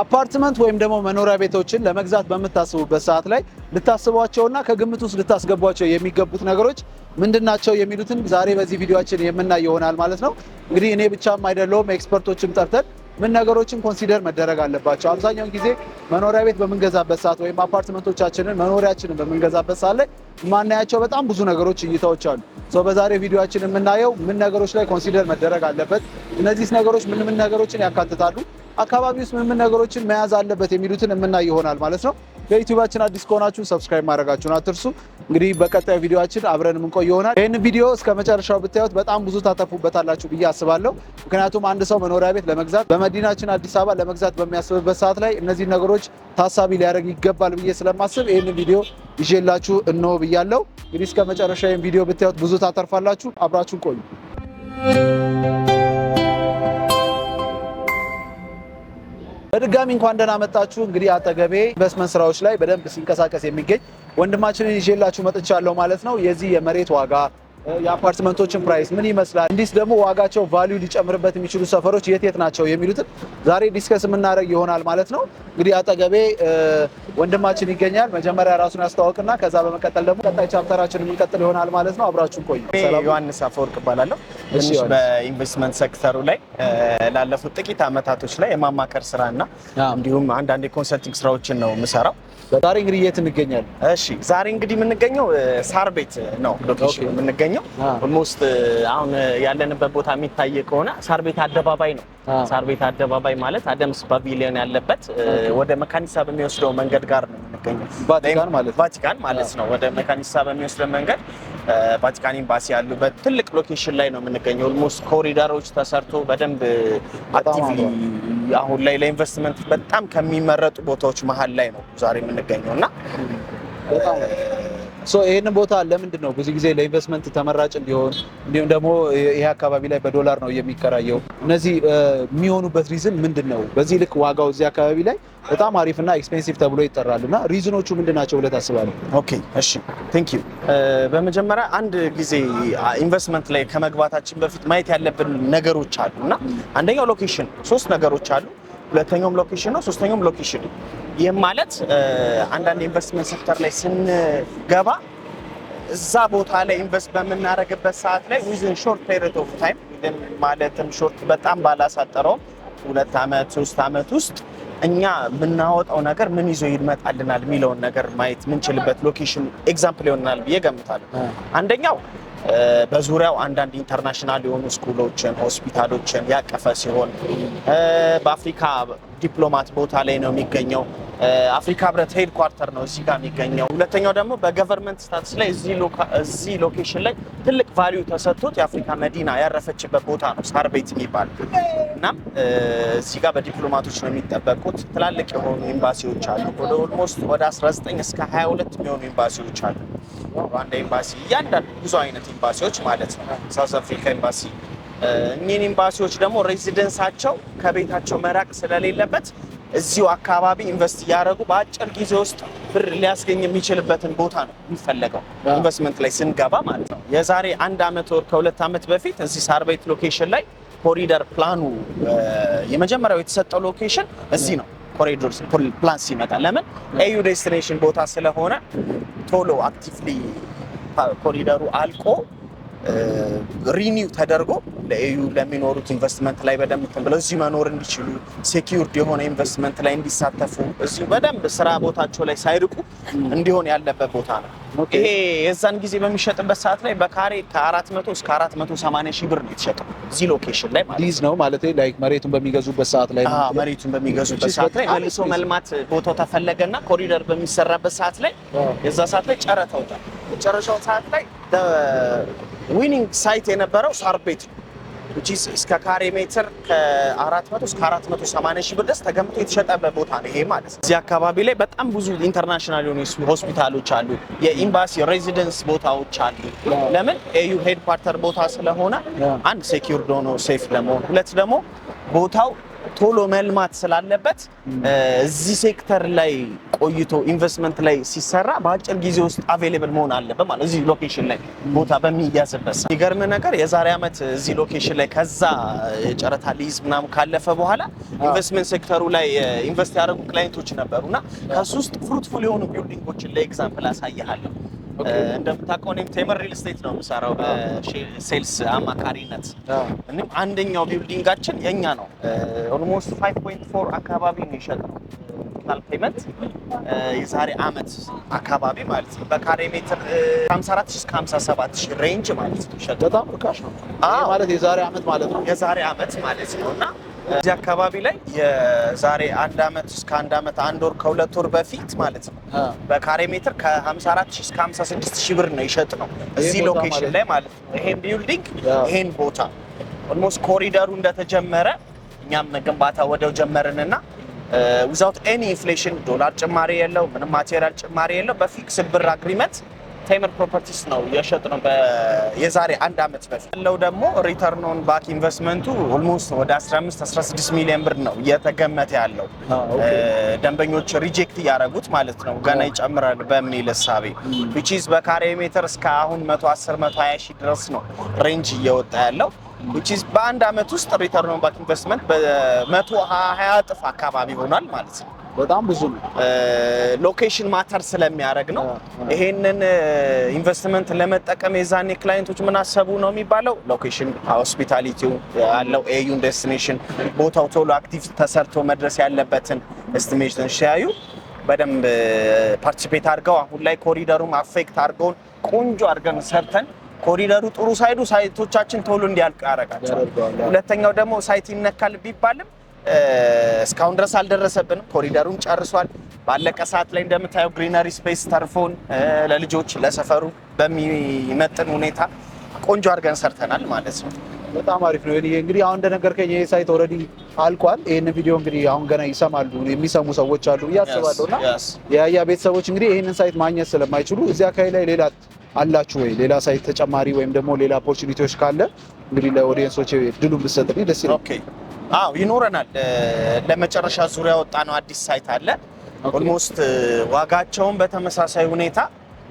አፓርትመንት ወይም ደግሞ መኖሪያ ቤቶችን ለመግዛት በምታስቡበት ሰዓት ላይ ልታስቧቸውና ከግምት ውስጥ ልታስገቧቸው የሚገቡት ነገሮች ምንድናቸው የሚሉትን ዛሬ በዚህ ቪዲዮችን የምናይ ይሆናል ማለት ነው። እንግዲህ እኔ ብቻም አይደለውም ኤክስፐርቶችም ጠርተን ምን ነገሮችን ኮንሲደር መደረግ አለባቸው። አብዛኛውን ጊዜ መኖሪያ ቤት በምንገዛበት ሰዓት ወይም አፓርትመንቶቻችንን መኖሪያችንን በምንገዛበት ሰዓት ላይ ማናያቸው በጣም ብዙ ነገሮች እይታዎች አሉ። በዛሬ በዛሬው ቪዲዮችን የምናየው ምን ነገሮች ላይ ኮንሲደር መደረግ አለበት፣ እነዚህ ነገሮች ምን ምን ነገሮችን ያካትታሉ አካባቢ ውስጥ ምን ምን ነገሮችን መያዝ አለበት የሚሉትን የምናይ ይሆናል ማለት ነው። ለዩቲዩባችን አዲስ ከሆናችሁ ሰብስክራይብ ማድረጋችሁን አትርሱ። እንግዲህ በቀጣዩ ቪዲዮችን አብረን የምንቆይ ይሆናል። ይህን ቪዲዮ እስከ መጨረሻው ብታዩት በጣም ብዙ ታተርፉበታላችሁ ብዬ አስባለሁ። ምክንያቱም አንድ ሰው መኖሪያ ቤት ለመግዛት በመዲናችን አዲስ አበባ ለመግዛት በሚያስብበት ሰዓት ላይ እነዚህ ነገሮች ታሳቢ ሊያደርግ ይገባል ብዬ ስለማስብ ይህን ቪዲዮ ይዤላችሁ እንሆ ብያለሁ። እንግዲህ እስከ መጨረሻ ይህን ቪዲዮ ብታዩት ብዙ ታተርፋላችሁ። አብራችሁን ቆዩ። በድጋሚ እንኳን ደህና መጣችሁ። እንግዲህ አጠገቤ ኢንቨስትመንት ስራዎች ላይ በደንብ ሲንቀሳቀስ የሚገኝ ወንድማችንን ይዤላችሁ መጥቻለሁ ማለት ነው። የዚህ የመሬት ዋጋ የአፓርትመንቶችን ፕራይስ ምን ይመስላል፣ እንዲስ ደግሞ ዋጋቸው ቫሊዩ ሊጨምርበት የሚችሉ ሰፈሮች የት የት ናቸው የሚሉትን ዛሬ ዲስከስ የምናደርግ ይሆናል ማለት ነው። እንግዲህ አጠገቤ ወንድማችን ይገኛል። መጀመሪያ ራሱን ያስተዋውቅና ከዛ በመቀጠል ደግሞ ቀጣይ ቻፕተራችን የምንቀጥል ይሆናል ማለት ነው። አብራችሁን ቆዩ። ዮሐንስ አፈወርቅ እባላለሁ። በኢንቨስትመንት ሴክተሩ ላይ ላለፉት ጥቂት አመታቶች ላይ የማማከር ስራና እንዲሁም አንዳንድ የኮንሰልቲንግ ስራዎችን ነው የምሰራው። ዛሬ እንግዲህ የት እንገኛለን? እሺ ዛሬ እንግዲህ የምንገኘው ሳር ቤት ነው ሎኬሽን የምንገኘው። ኦልሞስት አሁን ያለንበት ቦታ የሚታይ ከሆነ ሳር ቤት አደባባይ ነው። ሳር ቤት አደባባይ ማለት አደምስ ፓቪሊዮን ያለበት ወደ መካኒሳ በሚወስደው መንገድ ጋር ነው የምንገኘው። ቫቲካን ማለት ነው። ወደ መካኒሳ በሚወስደው መንገድ ቫቲካን ኤምባሲ ያሉበት ትልቅ ሎኬሽን ላይ ነው የምንገኘው። ኦልሞስት ኮሪደሮች ተሰርቶ በደንብ አክቲቭሊ አሁን ላይ ለኢንቨስትመንት በጣም ከሚመረጡ ቦታዎች መሀል ላይ ነው ዛሬ የምንገኘው እና ይህን ቦታ ለምንድን ነው ብዙ ጊዜ ለኢንቨስትመንት ተመራጭ እንዲሆን እንዲሁም ደግሞ ይሄ አካባቢ ላይ በዶላር ነው የሚከራየው? እነዚህ የሚሆኑበት ሪዝን ምንድን ነው? በዚህ ልክ ዋጋው እዚህ አካባቢ ላይ በጣም አሪፍና ኤክስፔንሲቭ ተብሎ ይጠራል እና ሪዝኖቹ ምንድን ናቸው ብለህ ታስባለህ? ኦኬ እሺ፣ ቴንክ ዩ። በመጀመሪያ አንድ ጊዜ ኢንቨስትመንት ላይ ከመግባታችን በፊት ማየት ያለብን ነገሮች አሉ እና አንደኛው ሎኬሽን፣ ሶስት ነገሮች አሉ ሁለተኛውም ሎኬሽን ነው፣ ሶስተኛውም ሎኬሽን ነው። ይህም ማለት አንዳንድ ኢንቨስትመንት ሴክተር ላይ ስንገባ እዛ ቦታ ላይ ኢንቨስት በምናደርግበት ሰዓት ላይ ዊዝን ሾርት ፔሪድ ኦፍ ታይም ማለትም ሾርት በጣም ባላሳጠረው ሁለት ዓመት ሶስት ዓመት ውስጥ እኛ የምናወጣው ነገር ምን ይዞ ይመጣልናል የሚለውን ነገር ማየት የምንችልበት ሎኬሽን ኤግዛምፕል ይሆናል ብዬ ገምታለሁ። አንደኛው በዙሪያው አንዳንድ ኢንተርናሽናል የሆኑ ስኩሎችን፣ ሆስፒታሎችን ያቀፈ ሲሆን በአፍሪካ ዲፕሎማት ቦታ ላይ ነው የሚገኘው። አፍሪካ ህብረት ሄድ ኳርተር ነው እዚህ ጋር የሚገኘው። ሁለተኛው ደግሞ በገቨርንመንት ስታትስ ላይ እዚህ ሎኬሽን ላይ ትልቅ ቫሊዩ ተሰጥቶት የአፍሪካ መዲና ያረፈችበት ቦታ ነው ስታር ቤት የሚባል እናም እዚህ ጋር በዲፕሎማቶች ነው የሚጠበቁት። ትላልቅ የሆኑ ኤምባሲዎች አሉ። ወደ ኦልሞስት ወደ 19 እስከ 22 የሚሆኑ ኤምባሲዎች አሉ። ሩዋንዳ ኤምባሲ፣ እያንዳንዱ ብዙ አይነት ኤምባሲዎች ማለት ነው፣ ሳውዝ አፍሪካ ኤምባሲ። እኚህን ኤምባሲዎች ደግሞ ሬዚደንሳቸው ከቤታቸው መራቅ ስለሌለበት እዚሁ አካባቢ ኢንቨስት እያደረጉ በአጭር ጊዜ ውስጥ ብር ሊያስገኝ የሚችልበትን ቦታ ነው የሚፈለገው፣ ኢንቨስትመንት ላይ ስንገባ ማለት ነው። የዛሬ አንድ ዓመት ወር ከሁለት ዓመት በፊት እዚህ ሳርቤት ሎኬሽን ላይ ኮሪደር ፕላኑ የመጀመሪያው የተሰጠው ሎኬሽን እዚህ ነው። ኮሪዶር ፕላን ሲመጣ ለምን ኤዩ ዴስቲኔሽን ቦታ ስለሆነ ቶሎ አክቲቭሊ ኮሪደሩ አልቆ ሪኒው ተደርጎ ለኤዩ ለሚኖሩት ኢንቨስትመንት ላይ በደንብ እንትን ብለው እዚህ መኖር እንዲችሉ ሴኪዩርድ የሆነ ኢንቨስትመንት ላይ እንዲሳተፉ እዚሁ በደንብ ስራ ቦታቸው ላይ ሳይርቁ እንዲሆን ያለበት ቦታ ነው። ይሄ የዛን ጊዜ በሚሸጥበት ሰዓት ላይ በካሬ ከ400 እስከ 480 ሺህ ብር ነው የተሸጠው እዚህ ሎኬሽን ላይ ማለት ነው ማለት ላይክ መሬቱን በሚገዙበት ሰዓት ላይ መሬቱን በሚገዙበት ሰዓት ላይ መልሶ መልማት ቦታው ተፈለገና ኮሪደር በሚሰራበት ሰዓት ላይ የዛ ሰዓት ላይ ጨረታውታል። የጨረሻው ሰዓት ላይ ዊኒንግ ሳይት የነበረው ሳር ቤት ነው። እስከ ካሬ ሜትር ከ400 እስከ 480 ሺህ ብር ድረስ ተገምቶ የተሸጠበ ቦታ ነው ይሄ ማለት። እዚህ አካባቢ ላይ በጣም ብዙ ኢንተርናሽናል የሆኑ ሆስፒታሎች አሉ፣ የኤምባሲ ሬዚደንስ ቦታዎች አሉ። ለምን ኤዩ ሄድኳርተር ቦታ ስለሆነ አንድ ሴኪውርድ ሆኖ ሴፍ ለመሆን፣ ሁለት ደግሞ ቦታው ቶሎ መልማት ስላለበት እዚህ ሴክተር ላይ ቆይቶ ኢንቨስትመንት ላይ ሲሰራ በአጭር ጊዜ ውስጥ አቬሌብል መሆን አለበት ማለት እዚህ ሎኬሽን ላይ ቦታ በሚያዝበት የሚገርም ነገር የዛሬ ዓመት እዚህ ሎኬሽን ላይ ከዛ ጨረታ ሊዝ ምናምን ካለፈ በኋላ ኢንቨስትመንት ሴክተሩ ላይ ኢንቨስት ያደረጉ ክላይንቶች ነበሩና ከሱ ውስጥ ፍሩትፉል የሆኑ ቢልዲንጎችን ለኤግዛምፕል አሳያለሁ። እንደምታውቀው እኔም ቴምር ሪል ስቴት ነው የምሰራው ሴልስ አማካሪነት። እኔም አንደኛው ቢልዲንጋችን የኛ ነው። ኦልሞስት ፋይቭ ፖይንት ፎር አካባቢ ነው የሸጥነው ካፒታል ፔመንት የዛሬ አመት አካባቢ ማለት ነው። በካሬ ሜትር 54 እስከ 57 ሺህ ሬንጅ ማለት ነው የሸጥነው። በጣም ርካሽ ነው ማለት የዛሬ አመት ማለት ነው የዛሬ አመት ማለት ነው እና እዚህ አካባቢ ላይ የዛሬ አንድ አመት እስከ አንድ አመት አንድ ወር ከሁለት ወር በፊት ማለት ነው በካሬ ሜትር ከ54 እስከ 56 ሺህ ብር ነው ይሸጥ ነው እዚህ ሎኬሽን ላይ ማለት ነው። ይሄን ቢልዲንግ ይሄን ቦታ ኦልሞስት ኮሪደሩ እንደተጀመረ እኛም ግንባታ ወደው ጀመርንና ዊዛውት ኤኒ ኢንፍሌሽን ዶላር ጭማሪ የለው ምንም ማቴሪያል ጭማሪ የለው በፊክስ ብር አግሪመንት ቴምር ፕሮፐርቲስ ነው የሸጥ ነው የዛሬ አንድ ዓመት በፊት ያለው ደግሞ ሪተርን ኦን ባክ ኢንቨስትመንቱ ኦልሞስት ወደ 15 16 ሚሊዮን ብር ነው እየተገመተ ያለው ደንበኞች ሪጀክት እያደረጉት ማለት ነው ገና ይጨምራል በሚል እሳቤ ዊችዝ በካሬ ሜትር እስከ አሁን 110 120 ሺህ ድረስ ነው ሬንጅ እየወጣ ያለው በአንድ ዓመት ውስጥ ሪተርን ኦን ባክ ኢንቨስትመንት በ120 እጥፍ አካባቢ ሆኗል ማለት ነው። በጣም ብዙ ነው። ሎኬሽን ማተር ስለሚያደርግ ነው። ይሄንን ኢንቨስትመንት ለመጠቀም የዛኔ ክላይንቶች ምን አሰቡ ነው የሚባለው። ሎኬሽን ሆስፒታሊቲው ያለው ኤዩን ዴስቲኔሽን ቦታው ቶሎ አክቲቭ ተሰርቶ መድረስ ያለበትን ኤስቲሜሽን ሲያዩ በደንብ ፓርቲሲፔት አድርገው አሁን ላይ ኮሪደሩም አፌክት አድርገውን ቆንጆ አድርገን ሰርተን ኮሪደሩ ጥሩ ሳይዱ ሳይቶቻችን ቶሎ እንዲያልቅ ያደርጋቸዋል። ሁለተኛው ደግሞ ሳይት ይነካል ቢባልም እስካሁን ድረስ አልደረሰብንም። ኮሪደሩን ጨርሷል። ባለቀ ሰዓት ላይ እንደምታየው ግሪነሪ ስፔስ ተርፎን ለልጆች ለሰፈሩ በሚመጥን ሁኔታ ቆንጆ አድርገን ሰርተናል ማለት ነው። በጣም አሪፍ ነው። እንግዲህ አሁን እንደነገርከኝ ይሄ ሳይት ኦልሬዲ አልቋል። ይህን ቪዲዮ እንግዲህ አሁን ገና ይሰማሉ የሚሰሙ ሰዎች አሉ ብዬ አስባለሁ። እና ቤተሰቦች እንግዲህ ይሄንን ሳይት ማግኘት ስለማይችሉ እዚህ አካባቢ ላይ ሌላ አላችሁ ወይ ሌላ ሳይት ተጨማሪ ወይም ደግሞ ሌላ ኦፖርቹኒቲዎች ካለ እንግዲህ ለኦዲየንሶች ድሉ ብትሰጥልኝ ደስ ይላል። አዎ ይኖረናል። ለመጨረሻ ዙሪያ ወጣ ነው አዲስ ሳይት አለ። ኦልሞስት ዋጋቸውን በተመሳሳይ ሁኔታ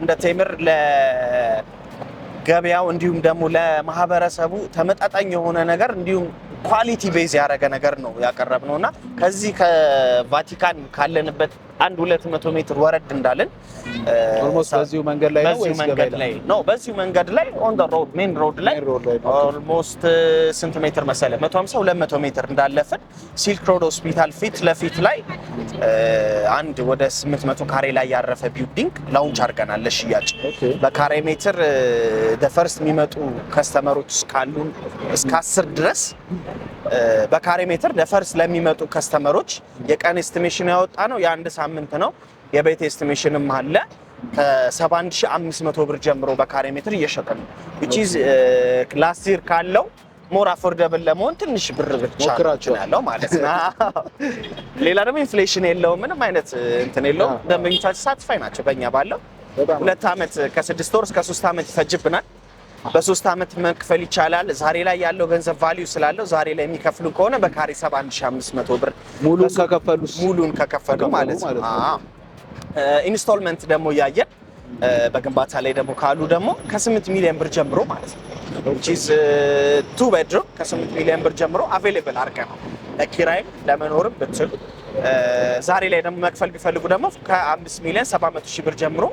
እንደ ቴምር ለገበያው እንዲሁም ደግሞ ለማህበረሰቡ ተመጣጣኝ የሆነ ነገር እንዲሁም ኳሊቲ ቤዝ ያደረገ ነገር ነው ያቀረብነው እና ከዚህ ከቫቲካን ካለንበት አንድ ሁለት መቶ ሜትር ወረድ እንዳለን በዚሁ መንገድ ላይ ነው። በዚሁ መንገድ ላይ ኦን ሮድ ሜን ሮድ ላይ ኦልሞስት ስንት ሜትር መሰለ? 150 200 ሜትር እንዳለፍን ሲልክ ሮድ ሆስፒታል ፊት ለፊት ላይ አንድ ወደ 800 ካሬ ላይ ያረፈ ቢልዲንግ ላውንች አድርገናል ለሽያጭ በካሬ ሜትር ፈርስት የሚመጡ ከስተመሮች እስካሉን እስከ አስር ድረስ በካሬ ሜትር ለፈርስ ለሚመጡ ከስተመሮች የቀን ኤስቲሜሽን ያወጣ ነው። የአንድ ሳምንት ነው። የቤት ኤስቲሜሽንም አለ። ከ71500 ብር ጀምሮ በካሬ ሜትር እየሸጠ ነው። ዊች ኢዝ ላስት ይር ካለው ሞር አፎርደብል ለመሆን ትንሽ ብር ብቻ ያለው ማለት ነው። ሌላ ደግሞ ኢንፍሌሽን የለውም፣ ምንም አይነት እንትን የለውም። ደንበኞቻችን ሳትፋይ ናቸው። በእኛ ባለው ሁለት ዓመት ከስድስት ወር እስከ ሶስት ዓመት ይፈጅብናል በሶስት ዓመት መክፈል ይቻላል። ዛሬ ላይ ያለው ገንዘብ ቫሊዩ ስላለው ዛሬ ላይ የሚከፍሉ ከሆነ በካሬ 71500 ብር ሙሉን ከከፈሉ ሙሉን ከከፈሉ ማለት ነው። ኢንስቶልመንት ደግሞ እያየን በግንባታ ላይ ደግሞ ካሉ ደግሞ ከ8 ሚሊዮን ብር ጀምሮ ማለት ነው ቺዝ ቱ ቤድሮም ከ8 ሚሊዮን ብር ጀምሮ አቬሌብል አርቀ ነው ለኪራይም ለመኖርም ብትሉ ዛሬ ላይ ደግሞ መክፈል ቢፈልጉ ደግሞ ከ5 ሚሊዮን 700 ሺህ ብር ጀምሮ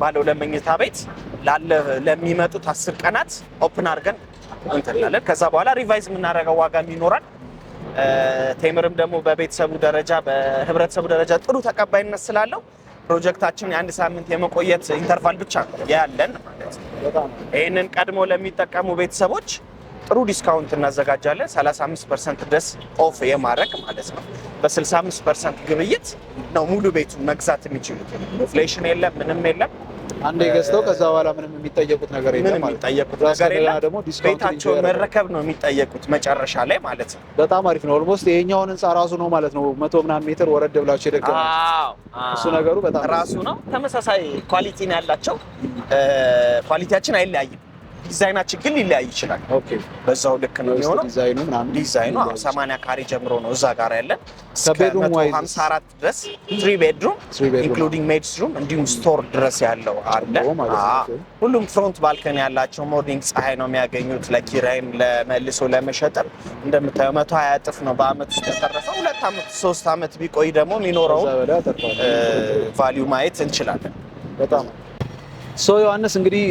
ባለ ለመኝታ ቤት ቤት ለሚመጡት አስር ቀናት ኦፕን አድርገን እንትናለን። ከዛ በኋላ ሪቫይዝ የምናደርገው ዋጋም ይኖራል። ቴምርም ደግሞ በቤተሰቡ ደረጃ በህብረተሰቡ ደረጃ ጥሩ ተቀባይነት ስላለው ፕሮጀክታችን የአንድ ሳምንት የመቆየት ኢንተርቫል ብቻ ያለን ማለት ነው። ይህንን ቀድሞ ለሚጠቀሙ ቤተሰቦች ጥሩ ዲስካውንት እናዘጋጃለን። 35 ፐርሰንት ድረስ ኦፍ የማድረግ ማለት ነው። በ65 ፐርሰንት ግብይት ነው ሙሉ ቤቱን መግዛት የሚችሉት። ኢንፍሌሽን የለም፣ ምንም የለም። አንዴ ገዝተው ከዛ በኋላ ምንም የሚጠየቁት ነገር የለም። የሚጠየቁት ነገር የለም። ቤታቸውን መረከብ ነው የሚጠየቁት መጨረሻ ላይ ማለት ነው። በጣም አሪፍ ነው። ኦልሞስት ይሄኛውን ህንፃ ራሱ ነው ማለት ነው። መቶ ምናምን ሜትር ወረድ ብላቸው የደገመ እሱ ነገሩ በጣም ራሱ ነው። ተመሳሳይ ኳሊቲ ነው ያላቸው። ኳሊቲያችን አይለያይም። ዲዛይናችን ግን ሊለያይ ይችላል። በዛው ልክ ነው የሚሆነው። ዲዛይኑ ሰማንያ ካሬ ጀምሮ ነው እዛ ጋር ያለን እስከ ሀምሳ አራት ድረስ ትሪ ቤድሩም ኢንክሉዲንግ ሜድስ ሩም እንዲሁም ስቶር ድረስ ያለው አለ። oh, ሁሉም ፍሮንት ባልከን ያላቸው ሞርኒንግ ፀሐይ ነው የሚያገኙት። ለኪራይም ለመልሶ ለመሸጥም እንደምታየው መቶ ሀያ እጥፍ ነው በአመት ውስጥ ሁለት አመት ሶስት አመት ቢቆይ ደግሞ የሚኖረውን ቫሊዩ ማየት እንችላለን። ሶ ዮሐንስ እንግዲህ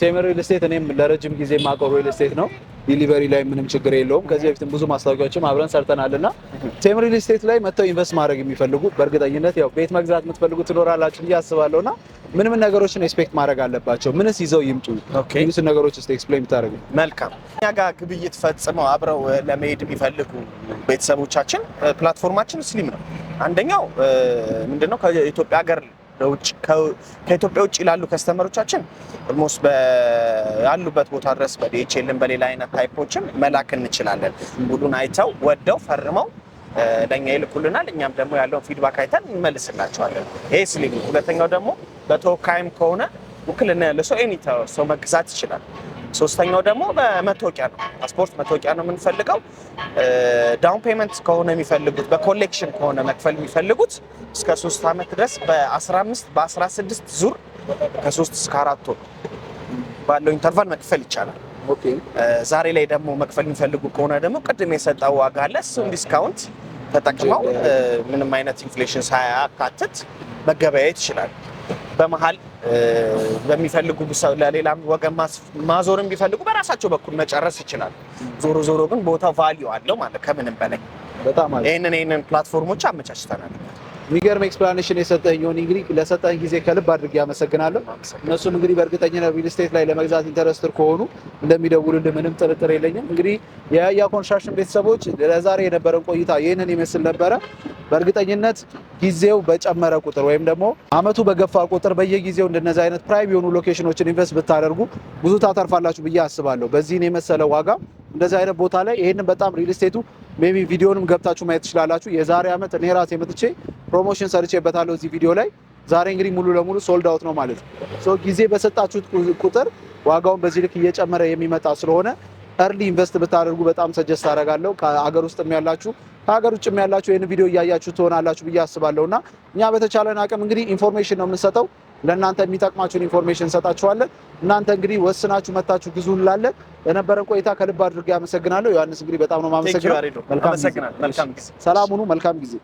ቴምር ሪል ስቴት እኔም ለረጅም ጊዜ የማውቀው ሪል ስቴት ነው። ዲሊቨሪ ላይ ምንም ችግር የለውም። ከዚህ በፊትም ብዙ ማስታወቂያዎችም አብረን ሰርተናል እና ቴምር ሪል ስቴት ላይ መጥተው ኢንቨስት ማድረግ የሚፈልጉ በእርግጠኝነት ያው ቤት መግዛት የምትፈልጉ ትኖራላችሁ ብዬ አስባለሁ እና ምን ምን ነገሮችን ኤክስፔክት ማድረግ አለባቸው? ምንስ ይዘው ይምጡ? ሚኒስ ነገሮች ስ ኤክስፕሌን ብታደረግ መልካም። እኛ ጋር ግብይት ፈጽመው አብረው ለመሄድ የሚፈልጉ ቤተሰቦቻችን ፕላትፎርማችን ስሊም ነው። አንደኛው ምንድነው ከኢትዮጵያ ሀገር ከኢትዮጵያ ውጭ ላሉ ከስተመሮቻችን ኦልሞስት ያሉበት ቦታ ድረስ በዲኤችኤልን በሌላ አይነት ታይፖችም መላክ እንችላለን። ሙሉን አይተው ወደው ፈርመው ለእኛ ይልኩልናል። እኛም ደግሞ ያለውን ፊድባክ አይተን እንመልስላቸዋለን። ይሄ ስሊግ ሁለተኛው ደግሞ በተወካይም ከሆነ ውክልና ያለ ሰው ኤኒ ሰው መግዛት ይችላል። ሶስተኛው ደግሞ በመታወቂያ ነው። ፓስፖርት መታወቂያ ነው የምንፈልገው። ዳውን ፔመንት ከሆነ የሚፈልጉት በኮሌክሽን ከሆነ መክፈል የሚፈልጉት እስከ ሶስት ዓመት ድረስ በ15 በ16 ዙር ከሶስት እስከ አራት ወር ባለው ኢንተርቫል መክፈል ይቻላል። ዛሬ ላይ ደግሞ መክፈል የሚፈልጉ ከሆነ ደግሞ ቅድም የሰጠው ዋጋ አለ። እሱን ዲስካውንት ተጠቅመው ምንም አይነት ኢንፍሌሽን ሳያካትት መገበያየት ይችላል። በመሀል በሚፈልጉ ለሌላ ወገን ማዞርም ቢፈልጉ በራሳቸው በኩል መጨረስ ይችላል። ዞሮ ዞሮ ግን ቦታ ቫሊዩ አለው ማለት ከምንም በላይ ይህንን ይህንን ፕላትፎርሞች አመቻችተናል። የሚገርም ኤክስፕላኔሽን የሰጠኝ ሆን እንግዲህ ለሰጠኝ ጊዜ ከልብ አድርጌ አመሰግናለሁ። እነሱም እንግዲህ በእርግጠኝነት ሪል ስቴት ላይ ለመግዛት ኢንተረስትር ከሆኑ እንደሚደውሉልህ ምንም ጥርጥር የለኝም። እንግዲህ የያያ ኮንስትራክሽን ቤተሰቦች ለዛሬ የነበረን ቆይታ ይህንን ይመስል ነበረ። በእርግጠኝነት ጊዜው በጨመረ ቁጥር ወይም ደግሞ አመቱ በገፋ ቁጥር በየጊዜው እንደነዚ አይነት ፕራይም የሆኑ ሎኬሽኖችን ኢንቨስት ብታደርጉ ብዙ ታተርፋላችሁ ብዬ አስባለሁ። በዚህን የመሰለ ዋጋ እንደዚህ አይነት ቦታ ላይ ይህንን በጣም ሪል ስቴቱ ሜቢ ቪዲዮንም ገብታችሁ ማየት ትችላላችሁ። የዛሬ አመት እኔ ራሴ መጥቼ ፕሮሞሽን ሰርቼበታለሁ እዚህ ቪዲዮ ላይ። ዛሬ እንግዲህ ሙሉ ለሙሉ ሶልድ አውት ነው ማለት ነው። ጊዜ በሰጣችሁት ቁጥር ዋጋውን በዚህ ልክ እየጨመረ የሚመጣ ስለሆነ እርሊ ኢንቨስት ብታደርጉ በጣም ሰጀስት አደርጋለሁ። ከአገር ውስጥ ያላችሁ ከሀገር ውጭም ያላችሁ ይህን ቪዲዮ እያያችሁ ትሆናላችሁ ብዬ አስባለሁ እና እኛ በተቻለን አቅም እንግዲህ ኢንፎርሜሽን ነው የምንሰጠው። ለእናንተ የሚጠቅማችሁን ኢንፎርሜሽን እንሰጣችኋለን። እናንተ እንግዲህ ወስናችሁ መታችሁ ግዙ እንላለን። ለነበረን ቆይታ ከልብ አድርጌ አመሰግናለሁ። ዮሐንስ እንግዲህ በጣም ነው የማመሰግነው። መልካም ጊዜ። ሰላም ሁኑ። ሰላም ሁኑ መልካም ጊዜ